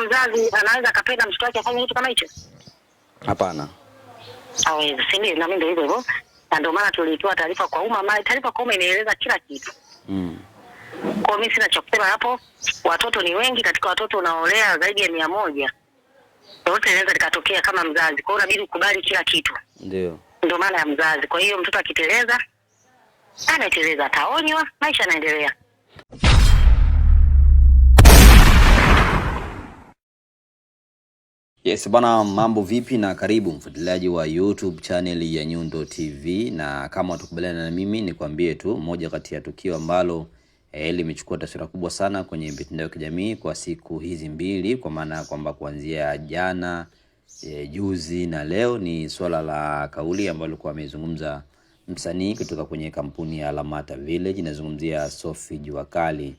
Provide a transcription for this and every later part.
mzazi anaweza akapenda mtoto wake afanye kitu kama hicho? Hapana, hawezi, si ndio? Na mimi ndio hivyo hivyo, na ndio maana tulitoa taarifa kwa umma. maana taarifa kwa umma inaeleza kila kitu mm. Kwa mimi sina cha kusema hapo. Watoto ni wengi, katika watoto unaolea zaidi ya mia moja yote inaweza likatokea kama mzazi. Kwa hiyo unabidi ukubali kila kitu, ndio ndio maana ya mzazi. Kwa hiyo mtoto akiteleza, anateleza, ataonywa, maisha yanaendelea. Yes bana, mambo vipi na karibu mfuatiliaji wa YouTube channel ya Nyundo TV, na kama utakubaliana na mimi nikwambie tu moja kati ya tukio ambalo eh, limechukua taswira kubwa sana kwenye mitandao ya kijamii kwa siku hizi mbili, kwa maana ya kwamba kuanzia jana eh, juzi na leo, ni swala la kauli ambalo kwa amezungumza msanii kutoka kwenye kampuni ya Lamata Village, inazungumzia Sophie Juakali.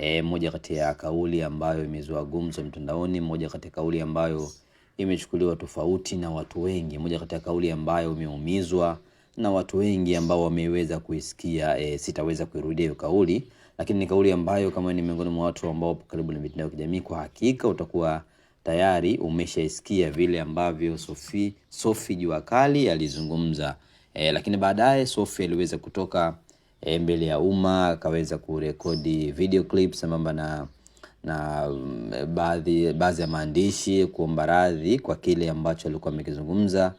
Eh, moja kati ya kauli ambayo imezua gumzo mtandaoni, moja kati ya kauli ambayo imechukuliwa tofauti na watu wengi, moja kati ya kauli ambayo imeumizwa na watu wengi ambao wameweza kuisikia. E, sitaweza kuirudia hiyo kauli, lakini ni kauli ambayo kama ni miongoni mwa watu ambao wapo karibu na mitandao ya kijamii, kwa hakika utakuwa tayari umeshaisikia vile ambavyo Sofi Jua Kali alizungumza. E, lakini baadaye Sofi aliweza kutoka e, mbele ya umma akaweza kurekodi video clips sambamba na na mm, baadhi baadhi ya maandishi kuomba radhi kwa kile ambacho alikuwa amekizungumza,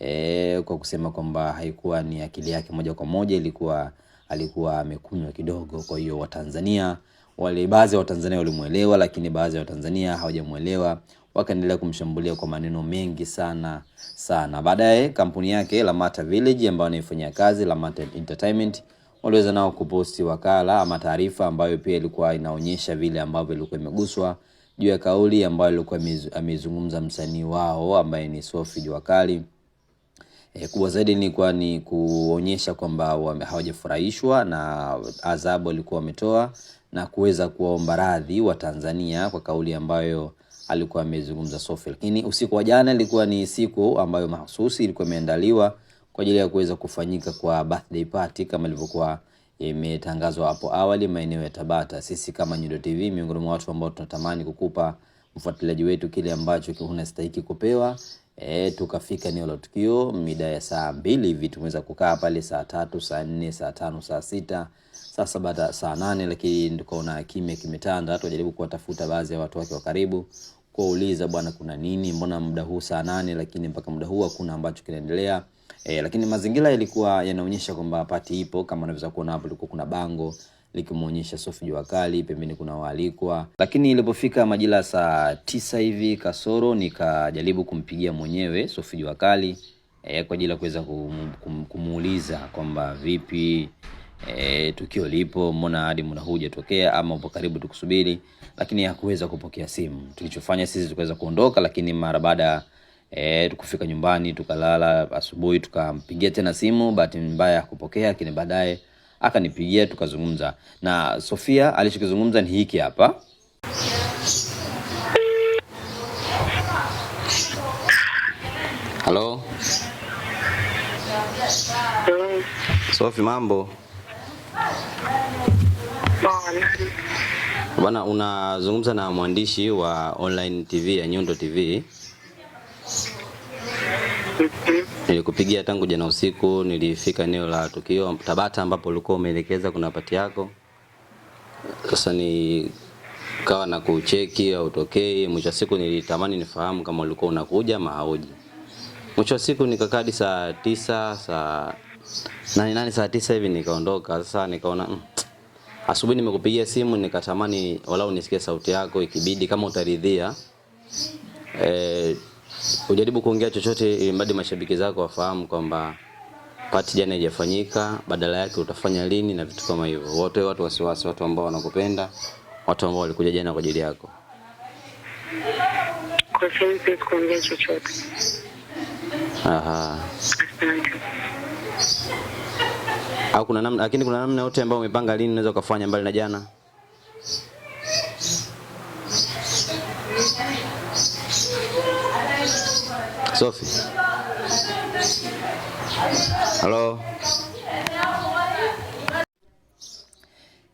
e, kwa kusema kwamba haikuwa ni akili yake moja kwa moja, ilikuwa alikuwa amekunywa kidogo. Kwa hiyo Watanzania wale, baadhi ya Watanzania walimwelewa, lakini baadhi ya Watanzania hawajamwelewa, wakaendelea kumshambulia kwa maneno mengi sana sana. Baadaye kampuni yake Lamata Village ambayo anaifanyia kazi Lamata Entertainment waliweza nao kuposti wakala ama taarifa ambayo pia ilikuwa inaonyesha vile ambavyo ilikuwa imeguswa juu ya kauli ambayo ilikuwa amezungumza msanii wao ambaye ni Sophie Juakali. E, kubwa zaidi nilikuwa ni kuonyesha kwamba hawajafurahishwa na adhabu walikuwa wametoa na kuweza kuwaomba radhi wa Tanzania kwa kauli ambayo alikuwa amezungumza Sophie. Lakini usiku wa jana ilikuwa ni siku ambayo mahususi ilikuwa imeandaliwa kwa ajili ya kuweza kufanyika kwa birthday party kama ilivyokuwa imetangazwa hapo awali maeneo ya Tabata. Sisi kama Nyundo TV, miongoni mwa watu ambao tunatamani kukupa mfuatiliaji wetu kile ambacho unastahiki kupewa. E, tukafika eneo la tukio mida ya saa mbili hivi, tumeweza kukaa pale saa tatu, saa nne, saa tano, saa sita, saa saba, saa nane, lakini tukaona kimya kimetanda. Tujaribu kuwatafuta baadhi ya watu wake wa karibu kuwauliza, bwana, kuna nini? Mbona muda huu saa nane, lakini mpaka muda huu hakuna ambacho kinaendelea. E, lakini mazingira yalikuwa yanaonyesha kwamba pati ipo. Kama unaweza kuona hapo, ilikuwa kuna bango likimuonyesha Sophie Jua Kali, pembeni kuna waalikwa. Lakini ilipofika majira saa tisa hivi kasoro, nikajaribu kumpigia mwenyewe Sophie Jua Kali e, eh, kwa ajili ya kuweza kum, kum, kumuuliza kwamba vipi, e, tukio lipo, mbona hadi muda huu hujatokea, ama upo karibu tukusubiri, lakini hakuweza kupokea simu. Tulichofanya sisi tukaweza kuondoka, lakini mara baada E, tukufika nyumbani tukalala, asubuhi tukampigia tena simu, bahati mbaya hakupokea, lakini baadaye akanipigia tukazungumza. Na Sofia alichokizungumza ni hiki hapa. Halo Sofi, mambo bwana? Unazungumza na mwandishi wa online TV ya Nyundo TV. Nilikupigia tangu jana usiku, nilifika eneo la tukio Tabata, ambapo ulikuwa umeelekeza kuna pati yako. Sasa nikawa na kucheki au tokei, mwisho wa siku nilitamani nifahamu kama ulikuwa unakuja ama hauji. Mwisho wa siku nikakadi saa tisa, saa nani nani saa tisa hivi nikaondoka. Sasa nikaona mm, asubuhi nimekupigia simu, nikatamani walau nisikie sauti yako, ikibidi kama utaridhia eh, Ujaribu kuongea chochote ili eh, mradi mashabiki zako wafahamu kwamba pati jana haijafanyika, badala yake utafanya lini na vitu kama hivyo. Wote watu wasiwasi, watu ambao wanakupenda, watu ambao walikuja jana kwa ajili yako. Aha. Au kuna namna, lakini kuna namna yote ambayo umepanga lini unaweza ukafanya mbali na jana? Sofi. Halo.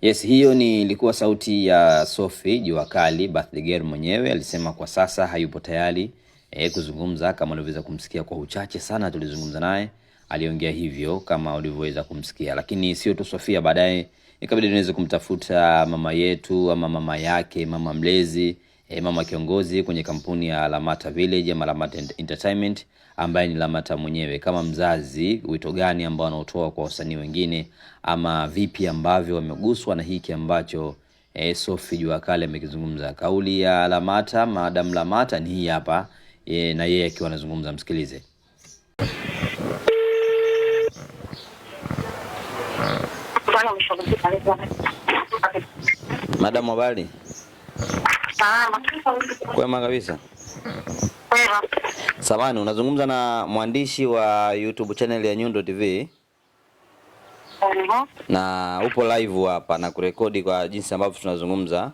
Yes, hiyo ni ilikuwa sauti ya Sofi Jua Kali, birthday girl mwenyewe alisema kwa sasa hayupo tayari eh, kuzungumza. Kama ulivyoweza kumsikia kwa uchache sana tulizungumza naye, aliongea hivyo kama ulivyoweza kumsikia. Lakini sio tu Sofia, baadaye ikabidi niweze kumtafuta mama yetu ama mama yake, mama mlezi e, mama kiongozi kwenye kampuni ya Lamata Village ama Lamata Entertainment ambaye ni Lamata mwenyewe. Kama mzazi, wito gani ambao anaotoa kwa wasanii wengine ama vipi ambavyo wameguswa na hiki ambacho e, Sophie Juakale amekizungumza? Kauli ya Lamata, Madam Lamata ni hii hapa e, na yeye akiwa anazungumza, msikilize. Madam, habari Kwema kabisa. Samani, unazungumza na mwandishi wa YouTube channel ya Nyundo TV. Kwema. Na upo live hapa na kurekodi kwa jinsi ambavyo tunazungumza.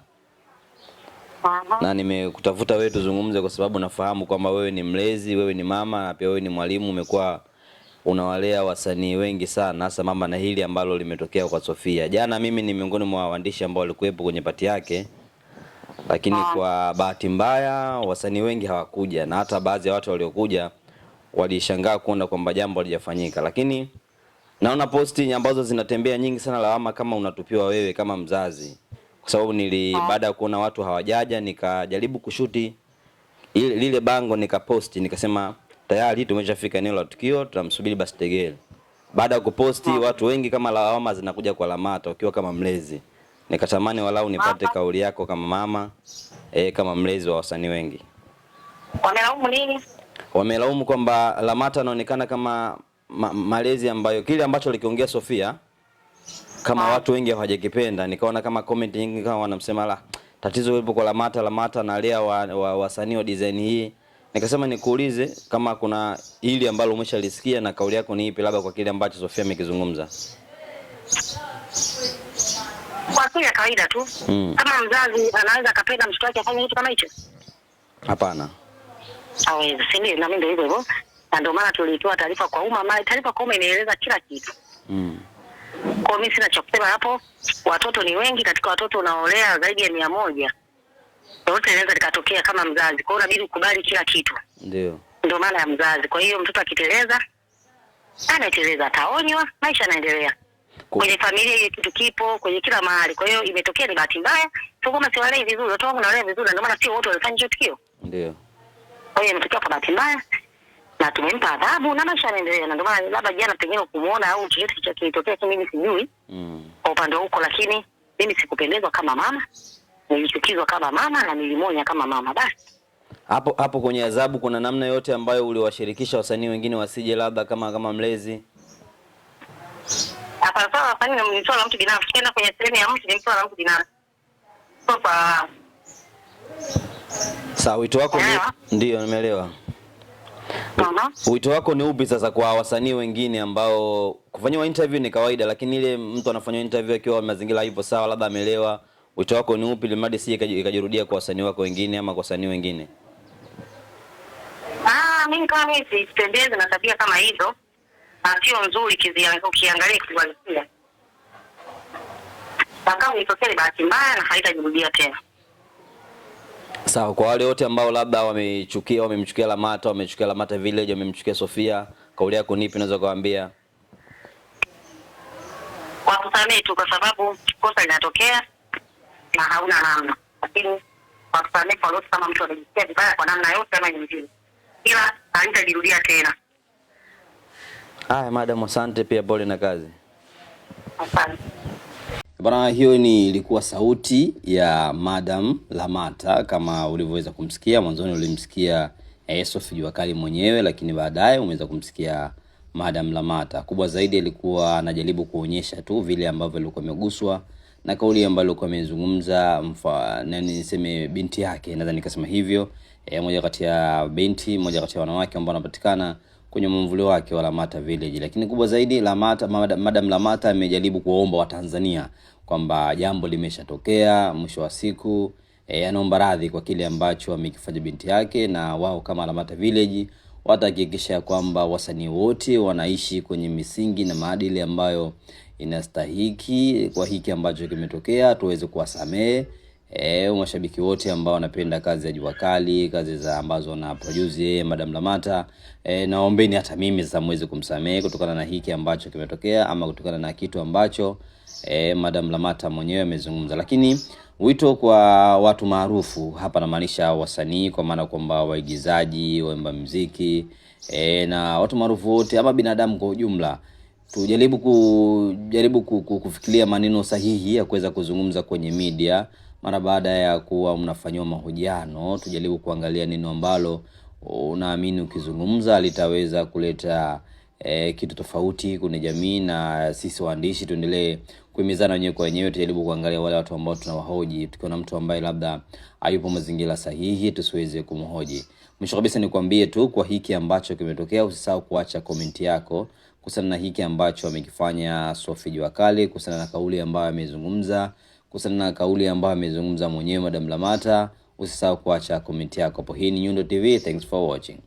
Kwema. Na nimekutafuta wewe tuzungumze kwa sababu nafahamu kwamba wewe ni mlezi, wewe ni mama na pia wewe ni mwalimu, umekuwa unawalea wasanii wengi sana, hasa mama na hili ambalo limetokea kwa Sofia. Jana mimi ni miongoni mwa waandishi ambao walikuwepo kwenye pati yake lakini ah. kwa bahati mbaya wasanii wengi hawakuja, na hata baadhi ya watu waliokuja walishangaa kuona kwamba jambo halijafanyika. Lakini naona posti ambazo zinatembea nyingi sana, lawama kama unatupiwa wewe kama mzazi, kwa sababu nili ah. baada ya kuona watu hawajaja, nikajaribu kushuti ile lile bango nikaposti, nikasema tayari tumeshafika eneo la tukio, tunamsubiri basi tegele. Baada ya kuposti, ah. watu wengi kama lawama zinakuja kwa Lamata ukiwa kama mlezi nikatamani walau nipate kauli yako kama mama eh, kama mlezi wa wasanii wengi. Wamelaumu nini? Wamelaumu kwamba Lamata anaonekana kama ma malezi ambayo kile ambacho alikiongea Sofia kama ha. Ah. watu wengi hawajakipenda. Nikaona kama comment nyingi kama wanamsema la tatizo lipo kwa Lamata, Lamata analea wasanii wa, wa, wa design hii. Nikasema nikuulize kama kuna hili ambalo umeshalisikia na kauli yako ni ipi, labda kwa kile ambacho Sofia amekizungumza kwa akili ya kawaida tu mm. Kama mzazi anaweza akapenda mtoto wake afanye kitu kama hicho? Hapana, hawezi, si ndio? Na mimi ndio hivyo hivyo, na ndio maana tulitoa taarifa kwa umma, maana taarifa kwa umma inaeleza kila kitu mm. Kwa mimi sina cha kusema hapo. Watoto ni wengi, katika watoto unaolea zaidi ya mia moja yote inaweza likatokea kama mzazi. Kwa hiyo unabidi ukubali kila kitu, ndio ndio maana ya mzazi. Kwa hiyo mtoto akiteleza, anateleza, ataonywa, maisha yanaendelea kwenye familia ile kitu kipo kwenye kila mahali. Kwa hiyo imetokea ni bahati mbaya tu, kama siwalei vizuri watu wangu, nawalea vizuri, ndio maana sio wote walifanya hicho tukio. Ndio, kwa hiyo imetokea kwa bahati mbaya na tumempa adhabu na maisha yanaendelea, na ndio maana labda jana pengine kumuona au chochote cha kilitokea, tu mimi sijui mm. kwa upande huko, lakini mimi sikupendezwa kama mama, nilichukizwa kama mama na nilimonya kama mama. Basi hapo hapo kwenye adhabu, kuna namna yote ambayo uliwashirikisha wasanii wengine wasije labda kama kama mlezi sana sana wasanii ni swala la mtu binafsi. Ukienda kwenye sehemu ya mtu ni swala mtu binafsi, sio sawa. Wito wako ni ndio, nimeelewa. Wito wako ni upi sasa kwa wasanii wengine ambao kufanyiwa interview ni kawaida, lakini ile mtu anafanywa interview akiwa mazingira hivyo sawa, labda amelewa. Wito wako ni upi limadi si ikajirudia kwa wasanii wako wengine ama kwa wasanii wengine? Ah, mimi kama mimi sipendezi na tabia kama hizo Ah, sio nzuri ukiangalia kiuhalisia. Itokee bahati mbaya na haitajirudia tena. Sawa, kwa wale wote ambao labda wamechukia, wamemchukia Lamata, wamechukia Lamata Village, wamemchukia Sofia, kauli yako nipi? kuambia kwa watusamehe tu, kwa sababu kosa linatokea na hauna namna, lakini watusamehe kwa lote, kama mtu amejisikia vibaya kwa namna yote ama nyingine, ila halitajirudia tena. Haya, madam, asante pia, pole na kazi. Asante. hiyo ni ilikuwa sauti ya Madam Lamata kama ulivyoweza kumsikia mwanzoni. Ulimsikia Yusuf Jua Kali mwenyewe, lakini baadaye umeweza kumsikia Madam Lamata. Kubwa zaidi alikuwa anajaribu kuonyesha tu vile ambavyo alikuwa ameguswa na kauli ambayo alikuwa amezungumza, nani niseme, binti yake, nadhani nikasema hivyo e, moja kati ya binti, moja kati ya wanawake ambao wanapatikana kwenye mwamvuli wake wa Lamata Village. Lakini kubwa zaidi Lamata, Madam Lamata amejaribu kuwaomba Watanzania kwamba jambo limeshatokea, mwisho wa siku e, anaomba radhi kwa kile ambacho amekifanya binti yake, na wao kama Lamata Village watahakikisha kwamba wasanii wote wanaishi kwenye misingi na maadili ambayo inastahiki. Kwa hiki ambacho kimetokea, tuweze kuwasamehe E, mashabiki wote ambao wanapenda kazi ya Jua Kali, kazi za ambazo na produce yeye Madam Lamata e, eh, naombeni hata mimi sasa muweze kumsamehe kutokana na hiki ambacho kimetokea ama kutokana na kitu ambacho e, Madam Lamata mwenyewe amezungumza, lakini wito kwa watu maarufu hapa namaanisha wasanii kwa maana kwamba waigizaji, waimba muziki e, na watu maarufu wote ama binadamu kwa ujumla tujaribu kujaribu kufikiria maneno sahihi ya kuweza kuzungumza kwenye media mara baada ya kuwa mnafanyiwa mahojiano, tujaribu kuangalia neno ambalo unaamini ukizungumza litaweza kuleta E, kitu tofauti kwenye jamii, na sisi waandishi tuendelee kuhimizana wenyewe kwa wenyewe. Tujaribu kuangalia wale watu ambao tunawahoji, tukiona mtu ambaye labda hayupo mazingira sahihi tusiweze kumhoji. Mwisho kabisa nikwambie tu kwa hiki ambacho kimetokea, usisahau kuacha komenti yako kuhusiana na hiki ambacho amekifanya Sophie Jua Kali, kuhusiana na kauli ambayo amezungumza kuhusiana na kauli ambayo amezungumza mwenyewe Madam Lamata. Usisahau kuacha komenti yako hapo. Hii ni Nyundo TV, thanks for watching.